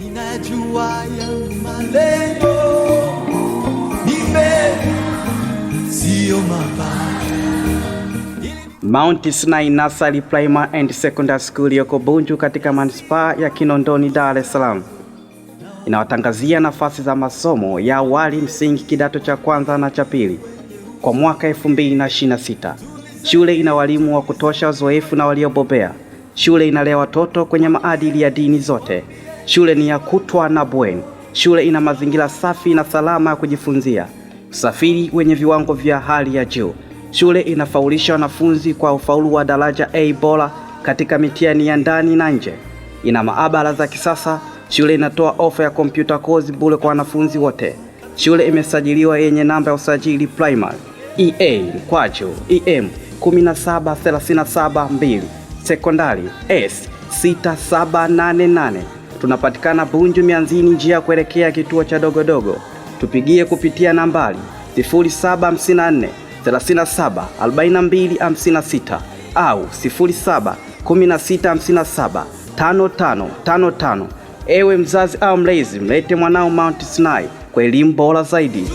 Ninajua ya malengo sio mabaya. Mount Sinai Nursery Primary and Secondary School yoko Bunju katika manispaa ya Kinondoni, Dar es Salaam inawatangazia nafasi za masomo ya awali, msingi, kidato cha kwanza na cha pili kwa mwaka 2026. Shule ina walimu wa kutosha, wazoefu na waliobobea. Shule inalea watoto kwenye maadili ya dini zote Shule ni ya kutwa na bweni. Shule ina mazingira safi na salama ya kujifunzia, usafiri wenye viwango vya hali ya juu. Shule inafaulisha wanafunzi kwa ufaulu wa daraja A bora katika mitihani ya ndani na nje. Ina maabara za kisasa. Shule inatoa ofa ya kompyuta kozi bure kwa wanafunzi wote. Shule imesajiliwa yenye namba ya usajili primary EA mkwaju EM 17372 sekondari S 6788 Tunapatikana Bunju Mianzini, njia ya kuelekea kituo cha Dogodogo. Tupigie kupitia nambari 0754 37 42 56 au 07 57 55 55. Ewe mzazi au mlezi, mlete mwanao Mount Sinai kwa elimu bora zaidi.